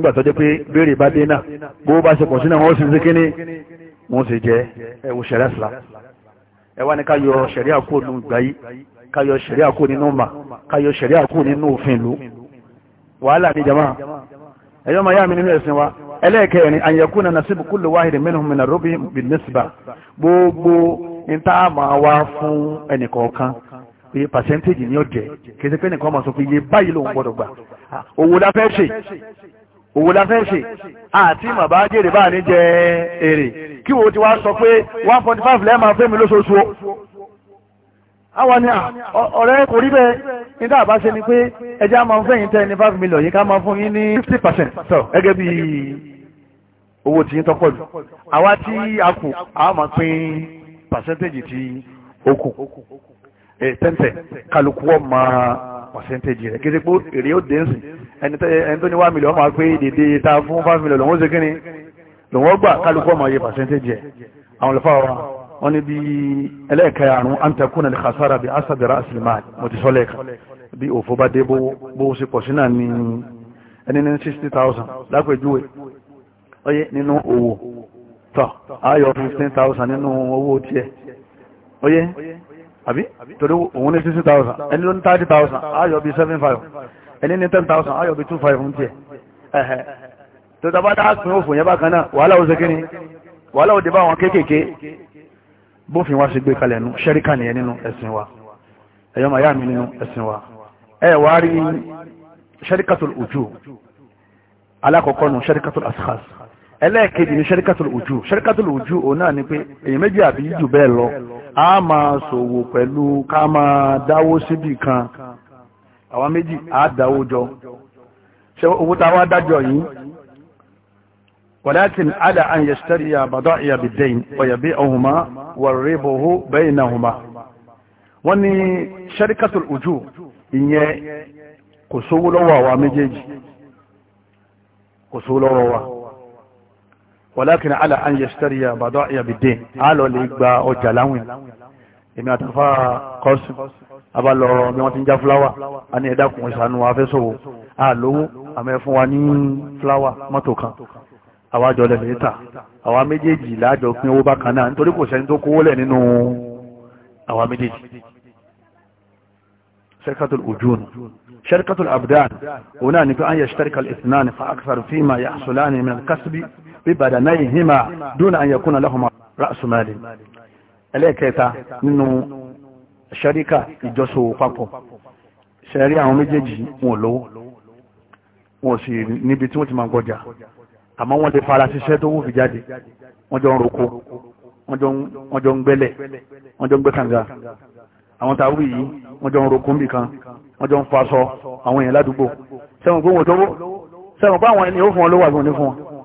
nígbà tó jẹ́ pé béèrè bá dé náà bó bá ṣe pọ̀ sínú àwọn òṣìṣẹ́ kíní wọ́n sì jẹ́ ẹ̀wù ṣẹ̀rẹ́ ṣìlá ẹwà ní káyọ ṣẹ̀rí àkó nínú ìgbáyí yọ ṣẹ̀rí àkó nínú mà àkó nínú òfin ìlú wàhálà jama ma yá mi nínú ẹ̀sìn wa ẹlẹ́ẹ̀kẹrin àyẹ̀kú na nasibu kullu wahidi minhum min arubi gbogbo níta máa wá fún ẹnìkọ̀ọ̀kan pé ni ó jẹ pé nìkan máa sọ pé iye báyìí lòun gbà owó òwò la fẹ́ ṣe àti màbá jèrè bá ní jẹ èrè kí wo ti wá sọ pé 1.5 lẹ́ẹ̀mà fẹ́mi lóṣooṣù o àwọn ni ọ̀rẹ́ kò rí bẹ́ẹ̀ nígbà àbá ṣe ni pé ẹjẹ́ a máa fẹ́yìn tẹ́ ní 5 million yìí ká máa fún yín ní 50% sọ gẹ́gẹ́ bí owó tí yín tọ́pọ̀ jù àwa percentage tí ó kù 10 kálukú percentage rẹ̀ kí sí pé èrè ó dẹ́nsì ẹni tó ní wá mílíọ̀n máa pé dèdè ta fún 5 mílíọ̀n lòun ó ṣe kí ni lòun ó gbà kálukọ́ máa yẹ percentage rẹ̀ àwọn olùfà wa wọ́n ní bí ẹlẹ́ẹ̀kẹ́ àrùn antakuna lè kàsára bí asàbẹ̀rẹ̀ àsìlmáà mo ti sọ lẹ́ẹ̀kan bí òfò bá dé bó ṣe pọ̀ sí náà ní ẹni ní 60,000 lápẹjúwe ọyẹ nínú owó tọ́ ayọ̀ 15,000 nínú owó tiẹ̀ ọyẹ àbí torí òun ní sixty thousand ẹni ló ní thirty thousand ayọ̀ bíi seven five ẹni ní ten thousand ayọ̀ bíi two five ń tiẹ̀ ẹ̀hẹ̀ tó dábàá dá pín òfò yẹn bákan náà wàhálà ó ṣe kí ni wàhálà ó dé bá àwọn kéékèèké bófin wa ṣe gbé kalẹ̀ nu ṣẹ́ríkà nìyẹn nínú ẹ̀sìn wa ẹ̀yọ́ màá yá mi nínú ẹ̀sìn wa ẹ̀ wá rí ṣẹ́ríkàtul ujú alákọ̀ọ́kọ́ nu ṣẹ́ríkàtul askhas ẹlẹ́ẹ̀kejì ní ṣẹ́ríkàtò òjú ṣẹ́ríkàtò òjú òun náà ni pé èyàn méjì àbí jù bẹ́ẹ̀ lọ a máa ṣòwò pẹ̀lú ká máa dáwó síbì kan àwọn méjì á dáwó jọ ṣe owó tá a wá dájọ yìí wàlákin àdà an yẹ̀sítẹ́rì àbàdọ́ ìyàbìdẹ́yìn ọ̀yàbí ọ̀hùnmá wàrẹ́bọ̀hó bẹ́yìn náà hùnmá wọ́n ní ṣẹ́ríkàtò òjú ìyẹn kò sówó lọ́wọ́ àwa méjèèjì kò sówó lọ́wọ́ wa walakin ala an yashtariya bada'iya bid-din á lọ lè gba ọjà láwìn èmi àtàfà kọ́sùn abalọ bí wọ́n ti ń já fúláwà a ní ẹ̀dá kùn ìsànú afẹ́sọ̀wò a lówó àmẹ́ fún wa ní fúláwà mọ́tò kan àwájọ lẹ̀ lẹ́ta àwa méjèèjì láàjọ pín owó bákan náà nítorí kò sẹ́ni tó kówó lẹ̀ nínú àwa méjèèjì sharikatul ujun sharikatul abdan òun náà ní pé an yẹ sharikal isnan fa aksar fima ya asulani min kasbi ببدنيهما دون أن يكون لهما رأس مال ẹlẹ́ẹ̀kẹta nínú ṣẹ́ríkà ìjọsọ papọ̀ ṣẹ́rí àwọn méjèèjì wọn lówó wọn sì níbi tí wọ́n ti máa gọjà àmọ́ wọ́n lè fara ṣiṣẹ́ tó wù fi jáde wọ́n jọ ń roko wọ́n jọ ń gbẹ́lẹ̀ wọ́n jọ ń gbẹ́ kànga àwọn tàwí yìí wọ́n jọ ń roko nìkan wọ́n jọ ń faṣọ àwọn èèyàn ládùúgbò sẹ́wọ̀n pé wọ́n tówó sẹ́wọ̀n pé àwọn ènìyàn ó fún wọn lówó àbí wọn ní fún wọn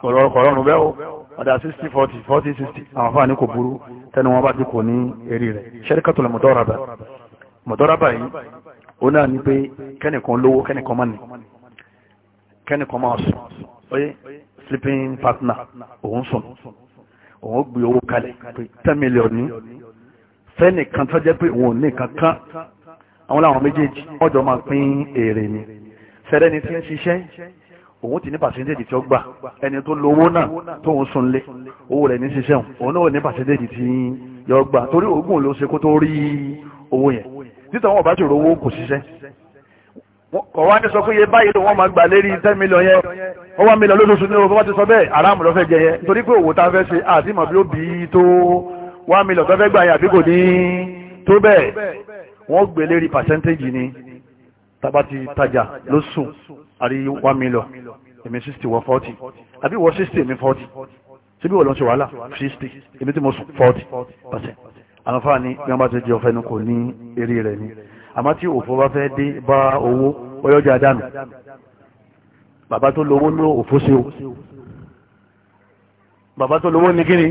kọ̀rọ̀rùn bẹ́ o ọ̀dà 60 40 40 60 àwọn afáàní kò burú tẹnu wọn bá ti kò ní eré rẹ̀ ṣẹ́ríkàtùlẹ̀ mọ̀dọ́rabà mọ̀dọ́rabà yìí ó náà ní pé kẹ́nìkan lówó kẹ́nìkan mọ́ni kẹ́nìkan máa sùn oyé sleeping partner òun sùn òun gbé owó kalẹ̀ pé 10 million ní fẹ́nìkan tó jẹ́ pé òun ò ní kankan àwọn làwọn méjèèjì ọjọ́ máa pín èrè ni fẹ́rẹ́ni tí ń ṣiṣẹ́ òun ti ní pàṣẹ́ntéèjì tí ó gbà ẹni tó lówó náà tóun súnlé owó rẹ̀ ní ṣiṣẹ́ òun náà ní pàṣẹ́ntéèjì tí yọ gbà torí oògùn ló ṣe kó tó rí owó yẹn títọ́ wọn bá ti rówó kò ṣiṣẹ́ kọ̀ wá ní sọ pé iye báyìí ló wọ́n máa gbà lérí ten million yẹn ó wá mílíọ̀n lóṣooṣù ní owó bá ti sọ bẹ́ẹ̀ aráàmù lọ́fẹ́ jẹ yẹn torí pé òwò tá a fẹ́ ṣe àti mọ̀ bí ó bí tó wá mílíọ̀n tó fẹ́ gbà yẹn àbí kò ní tó bẹ́ẹ̀ wọ́n gbé lérí pàṣẹ́ntéèjì ni tábà ti tajà lóṣù àrí one million èmi sixty wọ forty àbí wọ sixty èmi forty síbí wọ́n lọ sí wàhálà sixty èmi tí mo sùn forty percent àwọn fáà ní bí wọ́n bá ti di ọ̀fẹ́ nu kò ní eré rẹ̀ ni àmọ́ tí òfò bá fẹ́ dé bá owó ọyọ́jà dànù bàbá tó lówó ní òfò sí o bàbá tó lówó ní kíni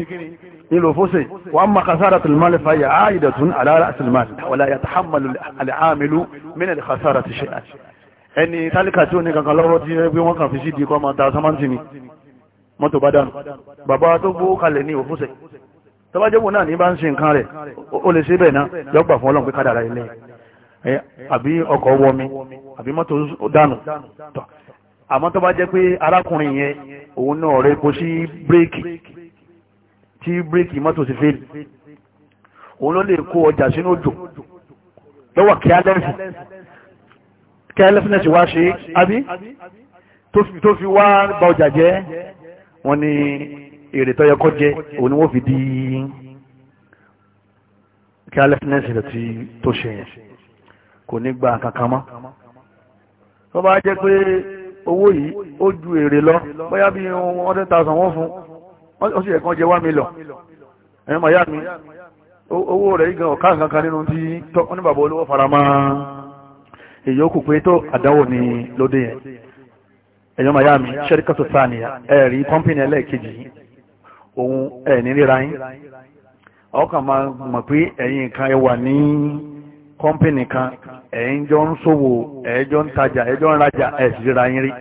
nílò fóṣe wọ́n ma kàsára tìlmọ́lẹ̀ fàyà áyìdàtún alára tìlmọ́lẹ̀ wọ́n la yàtàhámàlù alìhámìlú mínà lè kàsára ti ṣe àti ẹni tálíkà tí ó ní kankan lọ́wọ́ tí wọ́n wọ́n kàn fi sí di kọ́ máa ta samanti ni mọ́tò bá dànù bàbá tó gbó kalẹ̀ ní òfúsẹ̀ tọ́bájẹ́bù náà ní bá ń ṣe nǹkan rẹ̀ ó lè ṣe bẹ́ẹ̀ náà jọ́gbà fún ọlọ́run pé kádàrà ilẹ̀ àbí ọkọ̀ wọmi àbí mọ́tò dànù àmọ́ tó jẹ́ pé arákùnrin yẹn òun náà rẹ̀ kó sí bírèkì tí bírèkì mọ́tò ti fẹ́lì òun ló lè kó ọjà sínú òjò lọ́wọ́ kíá lẹ́sìn kẹ́lẹ́fínẹ̀sì wá ṣe àbí tó fi wá bá ọjà jẹ́ wọ́n ní èrè tó yẹ kó jẹ òun ni wọ́n fi di kẹ́lẹ́fínẹ̀sì rẹ̀ tó ṣe yẹn kò ní gba kankan mọ́ tó bá jẹ́ pé owó yìí ó ju èrè lọ bóyá bí 100,000 wọ́n fún ó sì ẹ̀kan jẹ 1 million ẹ̀yàn màyà mi owó rẹ̀ igan ọ̀ká nǹkan kan nínú tí wọ́n ní bàbá olówó fara máa èyí ó kù pé tó àdáwò ní lóde yẹn ẹ̀yọ́ miami ṣẹ́ríkàtò sáàníyà ẹ̀rí kọ́mpìnì ẹlẹ́ẹ̀kejì ohun ẹ̀ní ríra yín ọkàn máa mọ̀ pé ẹ̀yin nǹkan ẹ wà ní kọ́mpìnì kan ẹ̀yin jọ ń ṣòwò ẹ̀ẹ́jọ́ ń tajà ẹ̀ẹ́jọ́ ń rajà ẹ̀sì ríra yín rí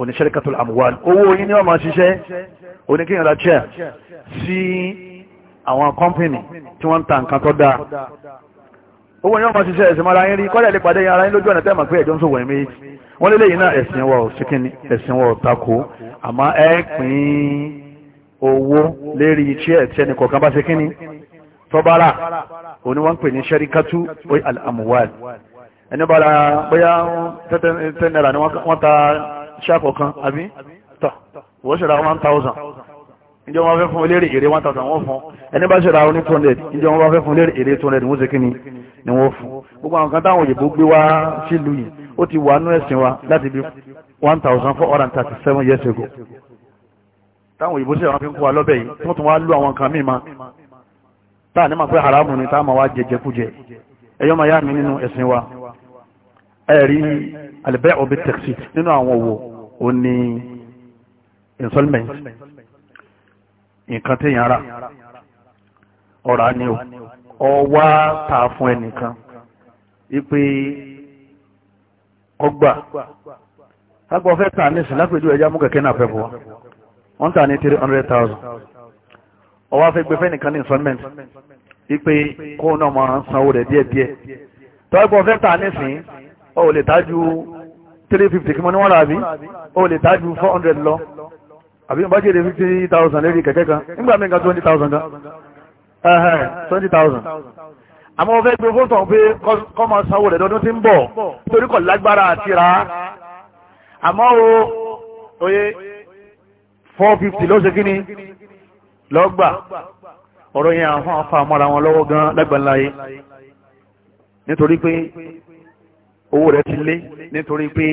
òní ṣẹ́ríkàtò àmúwálì owó yín ni wọ́n máa ṣiṣẹ́ oníkéyàn ra chair sí àwọn kọ́mpìnì tí wọ́n ń ta nǹkan tó dáa owó yẹn wọn ṣiṣẹ́ ẹ̀sìn ara yín rí kọ́lẹ̀ lè pàdé yẹn ara yín lójú ọ̀nà tẹ́ẹ̀mà pé ẹ̀jọ́ ń sòwò ẹ̀mí wọ́n lé lẹ́yìn náà ẹ̀sìn wọ̀ síkínní ẹ̀sìn wọ̀ tako àmọ́ ẹ pín owó lérí iṣẹ́ ẹ̀tí ẹnì kọ̀ọ̀kan bá síkínní tọ́bárà òní wọ́n ń pè ní ṣẹ́ríkátú oy al-amuwal ẹni bára bóyá tẹ́tẹ́ ni wọ́n ta iṣẹ́ àkọ́kan àbí tọ́ wọ́n ṣe ra one thousand ìjọ wọn fẹ́ fún lérí èrè one thousand wọ́n fún ẹni bá ṣe ra ní two hundred ìjọ wọn fẹ́ fún lérí èrè two hundred wọ́n ṣe kí ni ni wọ́n fún gbogbo àwọn kan táwọn òyìnbó gbé wá sílùú yìí ó ti wà nú ẹ̀sìn wa láti bí 1437 years ago táwọn òyìnbó sí àwọn fi ń kó wa lọ́bẹ̀ yìí tó tún wá lú àwọn kan míì ma táà ní ma pé haramu ni táà ma wá jẹjẹ kújẹ ẹyọ́ ma yá mi nínú ẹ̀sìn wa ẹ̀rí alibẹ́ obi taxi nínú àwọn owó o ní installment nǹkan tí yàrá ọ̀rá ni o ọwá ta fún ẹnìkan ipe ọgbà agbọ́ fẹ́ tà ní ìsìnlápẹ̀jú ẹjá mú kẹ̀kẹ́ náà fẹ́ fún wa wọ́n tà ní 300,000 ọwá fẹ́ gbé fẹ́nìkan ní installment ipe kó náà máa ń sanwó rẹ̀ díẹ̀díẹ̀ tọ́gbọ́ fẹ́ tà ní ìsìn ó lè tájú 350 kí mọ́ ní wọ́n rà bí ó lè tájú 400 lọ àbí ìbájẹ́ 50,000 lérí kẹ̀kẹ́ kan nígbà mẹ́ga 20,000 kan ẹ̀hẹ̀n 20,000 àmọ́ ọ̀fẹ́ gbé fóòtọ̀ pé kọ́ máa sanwó rẹ̀ lọ́dún tí ń bọ̀ torí kọ̀ lágbára àti ra àmọ́ o oye 450 ló ṣe kí ni lọ́gbà ọ̀rọ̀ yẹn àwọn afá mọ́ra wọn lọ́wọ́ gan lágbàláyé nítorí pé owó rẹ̀ ti lé nítorí pé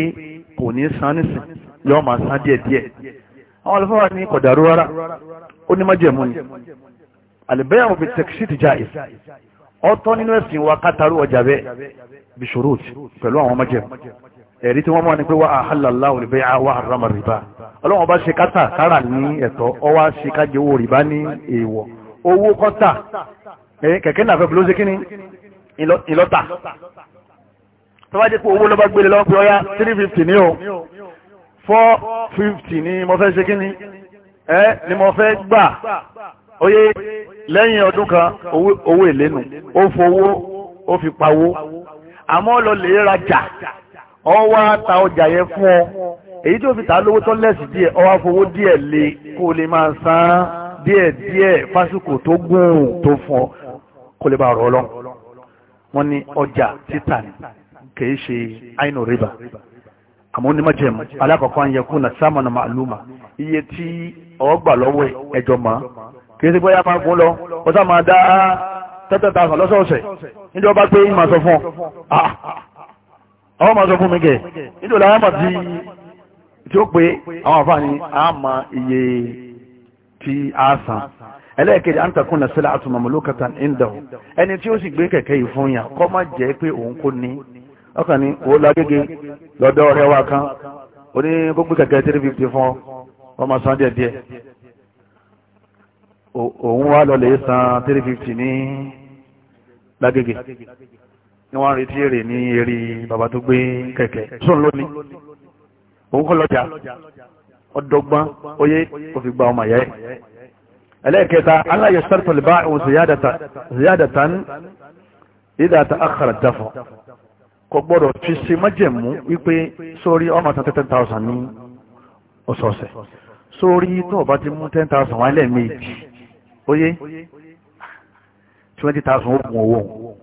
kò ní san nísìn yọ́ máa san díẹ̀díẹ̀ àwọn alifáwà ní kọ̀dàrú rárá ó ní májẹ̀mú àlìbẹ́yàwó bí tẹ̀kṣìtì jáì ọ̀tọ̀ nínú ẹ̀sìn wa kátàrú ọjà bẹ́ẹ̀ bí ṣòrúùt pẹ̀lú àwọn ọmọjẹ ẹ̀rí tí wọ́n mọ́ ni pé wà á hàlàlá olùbẹ́ àwọ̀ àràmà rìbá ọlọ́wọ́n bá ṣe kátà kárà ní ẹ̀tọ́ ọwá ṣe kájẹ owó rìbá ní èèwọ̀ owó kọ́tà kẹ̀kẹ́ náà fẹ́ bí ló ṣe kíní ìlọ́tà tó bá jẹ́ pé owó ló bá gbélé lọ́wọ́ pé ọyá three fifty ní o four fifty ní mo fẹ́ ṣe kíní ẹ ni mo fẹ́ gbà Oye lẹ́yìn ọdún kan owó ìlénu ó fowó ó fi pawó àmọ́ lọ lè rajà ọ wá ta ọjà yẹn fún ọ èyí tí ó fi ta lówó tó lẹ́sì díẹ̀ ọ wá fowó díẹ̀ lé kó lè máa san díẹ̀ díẹ̀ fásitì tó gùn tó fún ọ kó lè bá rọ ọ wọn ní ọjà títà ni kìí ṣe àìnù rìbá àmọ́ ní májẹ̀mú alákọ̀ọ́kọ́ ń yẹ kún náà sámọ̀nà màálùmá iye tí ọgbà lọ́wọ́ ẹjọ́ máa kìí sí bóyá máa gún lọ ọjọ́ máa dá tẹ́tẹ̀ta sàn lọ́sọ̀ọ̀sẹ̀ níjọ́ bá pé ìmọ̀ sọ fún ah, ah, ọ máa sọ fún mi kẹ̀ ti tí ó pé àwọn àfáàní a ma iye tí a san ẹlẹ́ẹ̀kejì àǹtakùn náà sílẹ̀ àtùmọ̀mọ̀ lókàtà ìndọ̀ ẹni tí ó sì gbé kẹ̀kẹ́ yìí fún kọ́ má jẹ́ pé òun kò ní ọkàn ní owó lágége lọ́dọ̀ ọ̀rẹ́ wa kan gbogbo kẹ̀kẹ́ 350 fún ọmọ òun wá lọ lè san 350 ní lágége ní wọ́n retí èrè ní eré bàbá tó gbé kẹ̀kẹ́ sóun lónìí òun kọ́ lọ́jà ọdọ́gbọ́n oyé kò fi gba ọmọ yẹ́ ẹlẹ́ẹ̀kẹta aláyẹ̀ sẹ́rẹ̀tọ̀lẹ̀bá òun ziyadatan ìdá ta àkàrà dáfọ́ kò gbọ́dọ̀ fi ṣe májẹ̀mú wípé sórí ọmọ tán 10,000 ní ọ̀sọ̀ọ̀sẹ̀ sórí tó bá ti mú 10,000 wáyé lẹ́ẹ̀mejì oyé twenty thousand ó gun owó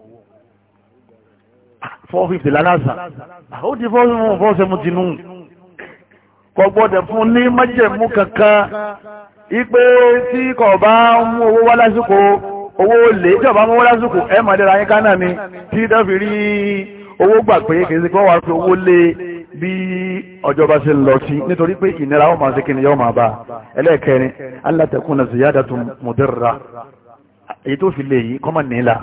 four fifty lálásà ó di four four seventy nù kò gbọ́dọ̀ fún ní májẹ̀mú kankan ipe tí kò bá mú owó wá lásìkò owó lè tí kò bá mú owó lásìkò ẹ mọ̀ lẹ́ra yín kánà ni tí dẹ́fì rí owó gbà pé kì í ṣe kí wọ́n wá fi owó lé bí ọjọ́ bá ṣe ń lọ sí nítorí pé ìnira wọn máa ṣe kíni yọ́ máa bá ẹlẹ́ẹ̀kẹrin alátẹ̀kùn náà ziyada tún mọ̀dẹ́rà èyí tó fi lè yí kọ́mọ̀ nílà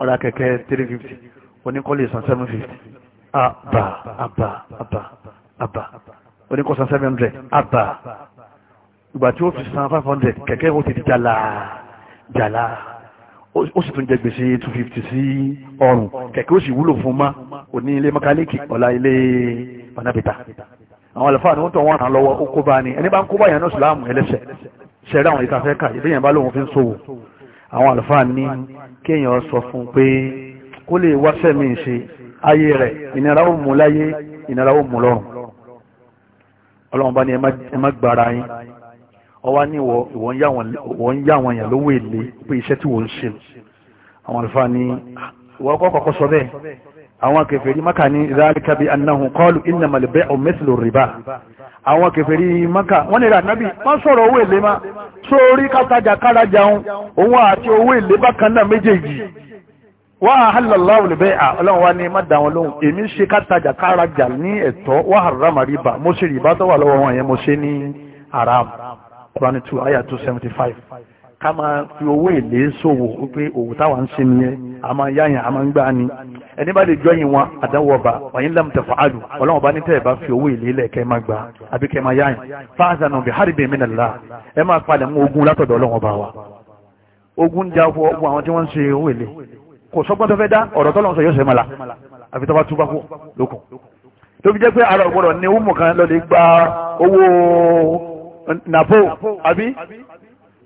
ọ̀rà kẹ̀kẹ́ 350 oníkọ́lé san 750 àbà àbà àbà àbà oníkọ́ 700 àbà ìgbà tí ó fi san 500 kẹ̀kẹ́ ó ti di jàlá jàlá ó sì tún jẹ gbèsè 250 sí ọrùn kẹ̀kẹ́ ó sì wúlò fún ma òní ilé mọ́kálíkì ọ̀la ilé fanabita àwọn àlùfáà ni wọ́n tọ̀ wọ́n ràn lọ́wọ́ ó kó bá ní ẹni bá ń kó bá yẹn ní ìsìláàmù ẹlẹ́sẹ̀ ṣẹ̀rẹ̀ àwọn ìtafẹ́ ká ìdí yẹn bá lóun fi ń sòwò àwọn àlùfáà ní kéèyàn sọ fún pé kó lè wáṣẹ́ mi ṣe ayé rẹ̀ ìnira ó mú láyé ìnira ó mú lọ́rùn ọlọ́run bá ní ẹ má gbára yín ọwá ní ìwọ̀n yá àwọn èèyàn lówó èlé pé iṣẹ́ tí wọ́n ń ṣe àwọn àlùfáà ní ah, ìwọ àwọn kèfèrí maka ní zalika bí annahu qalu innamal bai'u mithlu riba àwọn kèfèrí maka wọ́n ni rànábì wọ́n sọ̀rọ̀ owó èlé ma sórí kátajà kárajà òun àti owó èlé bákan náà méjèèjì wa ahalla Allahu al 275 ká máa fi owó èlé ṣòwò wípé òwò táwọn ń ṣe nìyẹn a máa yáyàn a máa ń gbá ni ẹni bá lè jọyìn wọn àdánwò ọba wọ̀nyí lẹ́mú tẹ̀fọ́ àlù ọlọ́wọ́n bá ní tẹ́ ẹ̀ bá fi owó èlé lẹ̀ kẹ́ máa gbà àbí kẹ́ máa yáyàn fáàzà náà bí hàrìbì mí nàlá ẹ máa palẹ̀ mú ogun látọ̀dọ̀ ọlọ́wọ́n bá wa ogun ń jáfọ́ ogun àwọn tí wọ́n ń ṣe owó èlé kò sọ́gbọ́n tó fẹ́ dá ọ̀rọ̀ tọ́lọ́run sọ yóò ṣe mọ́la àfi tó bá túbá kú lókun tó fi jẹ́ pé ara ọ̀gbọ́dọ̀ ni ó mọ̀ kan lọ́lẹ̀ gba owó nàpó àbí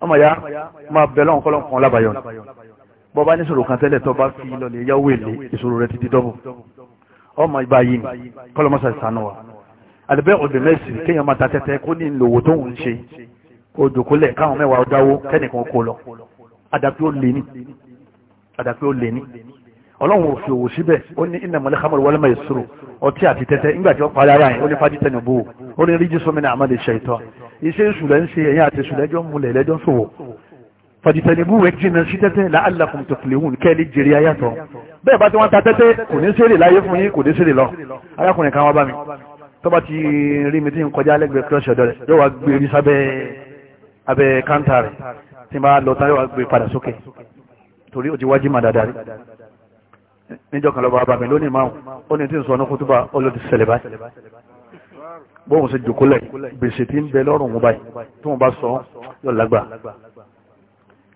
ọmọ ya máa bẹ̀ lọ́n kọ́lọ́n kan lábàáyọ̀ bọ́ bá níṣòro kan tẹ́lẹ̀ tó bá fi lọ́lẹ̀ yáwó èlé ìṣòro rẹ̀ ti di dọ́bù ọmọ ibà yìí kọ́lọ́mọ́sà ìsànú wa àdìbẹ́ ọ̀dẹ̀ mẹ́sì kéèyàn máa ta tẹ́tẹ́ kó ní ìlòwò tó ń ṣe odòkólẹ̀ káwọn mẹ́wàá dáwó kẹ́nìkan kó lọ àdàpé ó lè ní àdàpé ó lè ní ọlọ́run òfin òwò síbẹ̀ ó ní innamal khamru wal maisiru ọtí àti tẹ́tẹ́ nígbà tí ó parí ara yẹn ó ní fájítẹ́nìbó ó ní ríjísọ́mẹ́nà àmàlẹ̀ ṣẹ̀tọ́ iṣẹ́ ìṣùlẹ̀ ń ṣe ẹ̀yìn àti ìṣùlẹ̀ jọ múlẹ̀ lẹ́jọ́ ṣòwò fọ̀dìtẹ̀nibú rẹ̀ jìnà sí tẹ́tẹ́ la'allakum tuflihun kẹ́lí jèrè ayàtọ̀ bẹ́ẹ̀ bá tí wọ́n ta tẹ́tẹ́ kò ní sèrè láyé fún yín kò ní sèrè lọ arákùnrin kan wá bá mi tó bá ti rí mi tí ń kọjá lẹ́gbẹ̀ẹ́ kírọ́ṣì ọ̀dọ́ rẹ̀ yóò wá gbé orí sábẹ́ abẹ́ káńtà rẹ̀ tí bá lọ tán yóò wá gbé padà sókè torí ó ti wájú mà dáadáa rí níjọ́ kan lọ́ba bàbá lónìí máa ó ní tí ń sọ ọ́nà kútúbà ó ló báyìí bóun ṣe jòkólẹ̀ gbèsè tí ń bẹ lọ́rùn wọn báyìí tí wọ́n bá sọ yóò lágbà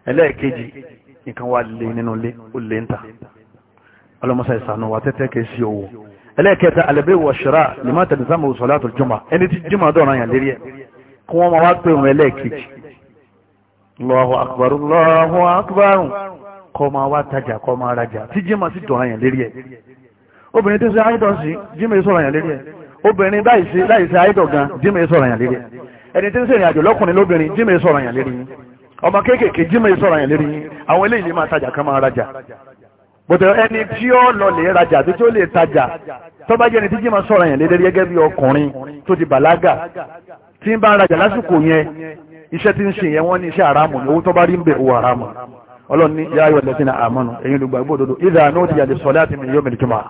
ẹlẹ́ẹ̀kejì nǹkan wà lè nínú ilé ó lè ń ta ọlọ́mọsá ìsànú wa tẹ́tẹ́ kìí sí owó ẹlẹ́ẹ̀kẹta alẹ́bẹ̀ wọ ṣẹ́ra lè má tẹ̀lé sáàmù sọ̀lá tó jùmọ̀ ẹni tí jùmọ̀ dọ̀rọ̀ yàn lérí ẹ̀ kí wọ́n máa wá pé òun ẹlẹ́ẹ̀kejì Allahu akbar Allahu akbar kọ́ máa obìnrin baa àìdọ̀ gan jímẹ̀ sọ̀rọ̀ yàn lérí ẹni tí ń sèrìn àjò lọ́kùnrin lóbìnrin jímẹ̀ sọ̀rọ̀ yàn lérí ọmọ kéékèèké jímẹ̀ sọ̀rọ̀ yàn lérí àwọn eléyìí lè máa tajà kan máa rajà ẹni tí ó lọ lè rajà àti tí ó lè tajà tó bá jẹ́ ẹni tí jímẹ̀ sọ̀rọ̀ yàn lérí gẹ́gẹ́ bí ọkùnrin tó ti bàlágà tí ń bá rajà lásìkò yẹn iṣẹ́ tí ń yẹn wọ́n ní iṣẹ́ ọlọ́run ní yáyọ̀ lẹ́sìn àmọ́nu ẹ̀yin olùgbàgbọ́ òdodo ìdá náà ti yàdì sọ́lá àti mìíràn mìíràn jùmọ̀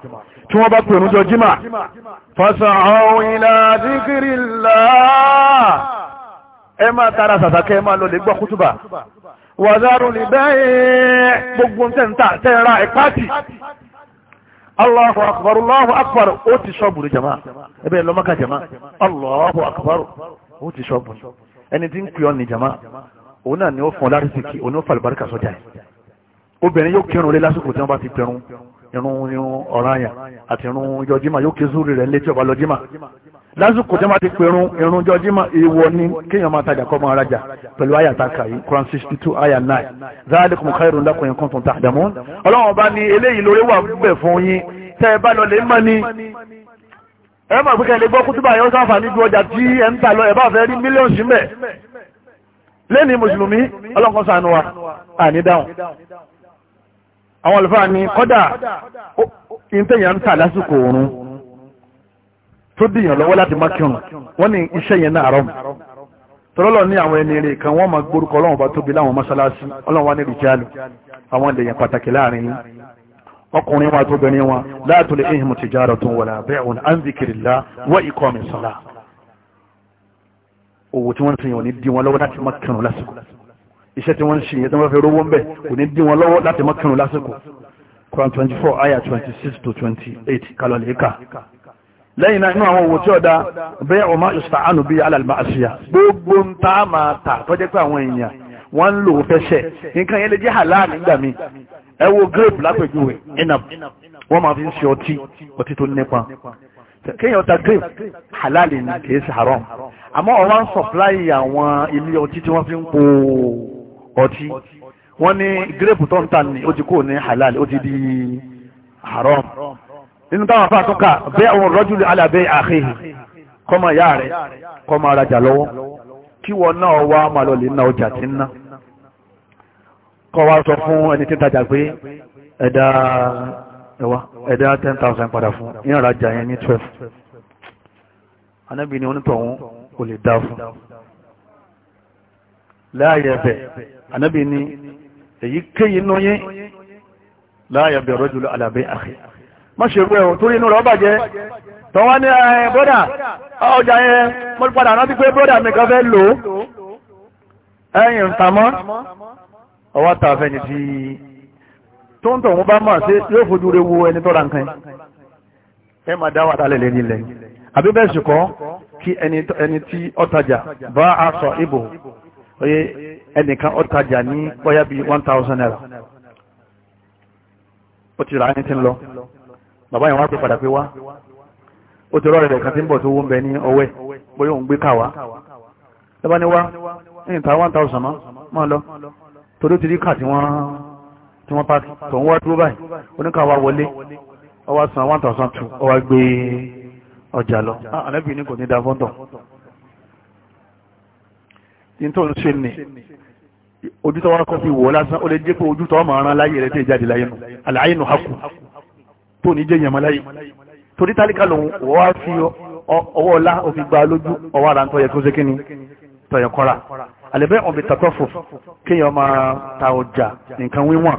tí wọ́n bá pè ní ọjọ́ jimá. fasa'u ila zikrillah ẹ máa tara sàtàkẹ́ ẹ máa lọ lè gbọ́ kútùbà wàzárù lè bẹ́ẹ̀ gbogbo tẹ́ǹtà tẹ́ǹra ẹ̀pátì Allahu akbar Allahu akbar ó ti sọ́ọ̀bù rẹ̀ jama ẹbẹ̀ lọ́mọ́ka jama Allahu akbar ó ti sọ́ọ̀bù ẹni tí ń pè ọ́ ní jama òun náà ni ó fún lásìkò òun ó fàlùbáríkà sọ́jà ẹ̀ obìnrin yóò kírun lé lásìkò tí wọ́n bá ti pẹ̀rún irun irun ọ̀ranyà àti irun jọjímà yóò ké zúrì rẹ̀ létí ọba lọ́jímà lásìkò tí wọ́n bá ti pẹ̀rún irun jọjímà èèwọ̀ ni kéèyàn máa tajà kọ́ máa rajà pẹ̀lú àyà àtàkà yìí Quran sixty two àyà nine zalikum khairun lakum in kuntum ta'lamun ọlọ́run bá ní eléyìí lórí wà bẹ̀ fún yín tẹ́ ẹ bá lọ lè mọ́ ni ẹ mọ̀ pé kẹ́lẹ́ gbọ́ kútúbà yẹn sáfà níbi ọjà tí ẹ ń tà lọ ẹ bá fẹ́ rí mílíọ̀nù sí mẹ́ lẹ́ni mùsùlùmí ọlọ́kọ̀ọ́sánú wa àní dáhùn àwọn olùfà ní kọ́dà ìntẹ̀yàn ń tà lásìkò oorun tó dìyàn lọ́wọ́ láti má wọ́n ní iṣẹ́ yẹn náà rọ̀mù tọ́lọ́lọ́ ní àwọn ẹni rẹ̀ kan wọ́n ma gbórúkọ ọlọ́run bá tóbi láwọn mọ́ṣáláṣí ọlọ́run wa ní rìjálù àwọn èèyàn pàtàkì láàrin yìí ọkùnrin wa tóbìnrin wa la tulhihim tijaratun wala owó tí wọ́n ti yàn ò ní dí wọn lọ́wọ́ láti má kírun lásìkò iṣẹ́ tí wọ́n ń ṣe yẹn tí wọ́n fẹ́ rówó ń bẹ̀ kò ní dí wọn lọ́wọ́ láti má lásìkò Quran 24 ayah 26 to 28 kalọ̀lẹ̀ ìka lẹ́yìn náà inú àwọn owó tí ọ̀dá bẹ́ẹ̀ ọmọ ìṣàánú bíi alàlùmọ́ àṣìyà gbogbo ń ta máa tà tọ́jẹ́ pé àwọn èèyàn wọ́n ń lò ó fẹ́ṣẹ̀ nǹkan yẹn lè jẹ́ halal nígbà mi ẹ wo grape lápẹ̀júwe inab wọ́n máa fi ń ṣe ọtí ọtí tó nípa kéèyàn ta grape halal ni kìí ṣe haram àmọ́ ọ̀wá ń supply àwọn ilé ọtí tí wọ́n fi ń po ọtí wọ́n ní grape tó ń ta ni ó ti kó ní halal ó ti di haram nínú táwọn afá tó kà bẹ́ẹ̀ òun rọ́jú alábẹ́ àkèhì kọ́mọ ìyá rẹ̀ kọ́mọ arajà lọ́wọ́ kí wọ́n náà wá máa lọ lè ná ọjà tí ń ná kọ́ wa sọ fún ẹni tí ń tajà pé ẹ̀dá ẹwà ẹ̀dá 10000 thousand padà fún yín ìrajà yẹn ní twelve anábì ni onítọ̀hún kò lè dá fún láàyè ẹ̀bẹ̀ anábì ni èyíkéyìí inú yín láàyè ẹ̀bẹ̀ rọ́jùlọ alábẹ́ àkè má ṣe rú ẹ̀wọ̀n torí inú rẹ̀ ọbàjẹ́ tọ́wọ́n ní ẹ̀ bọ́dà ọjà tó ń tọ̀hún bá máa ṣe yóò fojú rẹ wo ẹni tọ́ra nǹkan ẹ máa dá wàtálẹ̀ lé nílẹ̀ àbí bẹ́ẹ̀ sì kọ́ kí ẹni tí ọ̀tajà bá a sọ ibò oye ẹnìkan ọ̀tajà ní bóyá bíi one thousand naira ó ti rà ẹni tí ń lọ bàbá yẹn wá pé padà pé wá ó ti rọ́ọ̀rẹ̀ kan tí ń bọ̀ tó wọ́n bẹ ní ọwẹ́ bóyá òun gbé káwa lọ́ba ni wá ní ìta one thousand mọ́ lọ torí ó ti rí kà tí wọ́n tí wọ́n pàkì tó ń wá dúró báyìí oníkàwà wọlé ọwá san one thousand two ọwá gbé ọjà lọ ah, ànábì ní kò ní dáfọ́ntọ̀ tí tó ń ṣe ní ojú tó wá kọ́ fi wọ́ lásán ó lè jẹ́ pé ojú tó máa rán láyé rẹ̀ tí ìjáde láyé nù àlàyé àlẹ́bẹ́ ọ̀bì tàtọ́fò kéèyàn máa ta ọjà nǹkan wíwọ̀n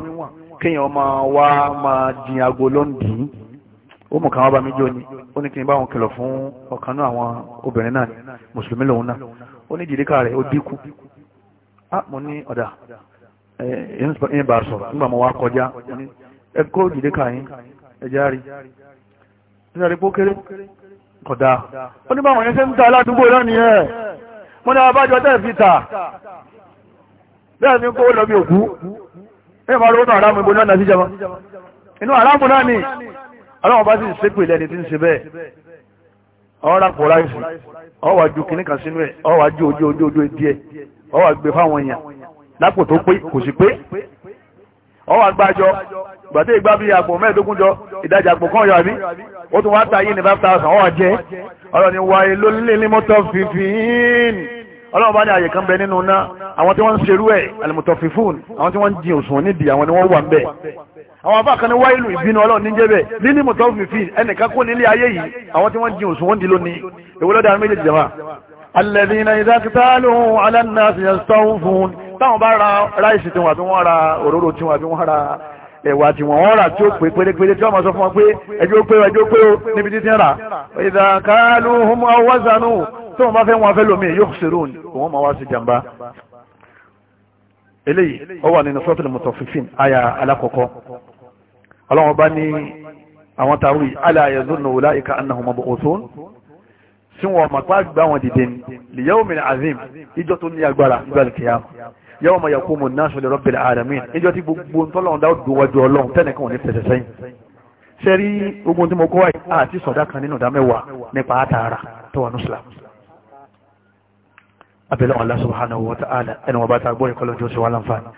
kéèyàn máa wá máa jìn àgò lọ́ndì ó mọ̀ kàn wá bá mi jọ ni ó ní kí n bá wọn kìlọ̀ fún ọ̀kan náà àwọn obìnrin náà ni mùsùlùmí lòun náà ó ní jìdíkà rẹ̀ ó dínkù á ah, mo ní ọ̀dà ó ní báwọn yẹn ṣe ń ta aládùúgbò náà nìyẹn wọ́n ní abájọ tẹ́ fi tà bẹ́ẹ̀ ni kó lọ bí òkú ẹ máa rọ́nà àrámù ìbò náà sí jama inú àrámù náà ni aláwọ̀ bá sì ṣépè lẹ́ni tí ń ṣe bẹ́ẹ̀ ọ̀rá ráìsì ọwà ju kìnnì kan sínú ẹ̀ ọwà ju ojú ojú ojú díẹ̀ ọwà gbé fáwọn èèyàn lápò tó pé kò sí pé ọwọ́ àgbájọ gbàtẹ́ ìgbà bíi àpò mẹ́ẹ̀ẹ́dógún jọ ìdajì àpò kan yọ àbí ó tún wá ta yìí ní five thousand ọwọ́ jẹ́ ọ̀rọ̀ ni wà èlò lílímọ́tò fífín ọlọ́run bá ní àyè kan bẹ nínú ná àwọn tí wọ́n ń ṣerú ẹ̀ àlùmọ̀tò fífún àwọn tí wọ́n ń jin òṣùwọ̀n nídìí àwọn ni wọ́n wà ń bẹ̀ àwọn afá kan ní wá ìlú ìbínú ọlọ́run ní jẹ́bẹ̀ lílímọ̀tò fífín ẹnìkan kó nílé ayé yìí àwọn tí wọ́n ń jin òṣùwọ̀n dì lónìí èwo lọ́dọ̀ àwọn méjèèjì jẹ́ wa. alladhina idha iktalu ala an-nasi yastawfun táwọn bá ra ráìsì tiwọn àbí wọ́n ra òróró tiwọn àbí wọ́n ra ẹ̀wà tiwọn wọ́n rà tí ó pé pérépéré tí wọ́n máa sọ fún wọn pé ẹjọ́ pé ẹjọ́ pé ó níbi títí ń rà ìdàkálù ọmọ wọ́sánù tó wọn bá fẹ́ wọn fẹ́ lómi yóò ṣerú òun máa wá sí jàmbá eléyìí ó wà nínú sọ́tún mọ̀tọ̀fífín àyà alákọ̀ọ́kọ́ ọlọ́run bá ní àwọn tàwí aláyẹ̀zónà wòlá ìka annahum mab'uthun tí wọ́n mọ̀ pàgbà wọn dìde ní lìyàwó mìíràn azim ìjọ tó ní agbára ìgbàlùkìyàmù yawma yaqumu an-nasu li rabbil alamin níjọ́ tí gbogbo ntọ́lọ́run dá òdu wájú ọlọ́run tẹ́nìkan ò ní fẹsẹ̀ sẹ́yìn sẹ́rí ogun tí mo kọ́ wáyé àti sọ̀dá kan nínú ìdámẹ́wàá nípa àtàrà tó wà nùsùlá abẹ́lẹ́ Allah subhanahu wa ta'ala ẹni wọn bá ta gbọ́ ìkọlọ́ jọ́sí wa láǹfààní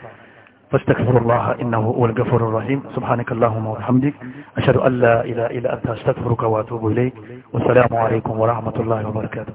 فاستغفر الله إنه هو الغفور الرحيم سبحانك اللهم وبحمدك أشهد أن لا إله إلا أنت أستغفرك وأتوب إليك والسلام عليكم ورحمة الله وبركاته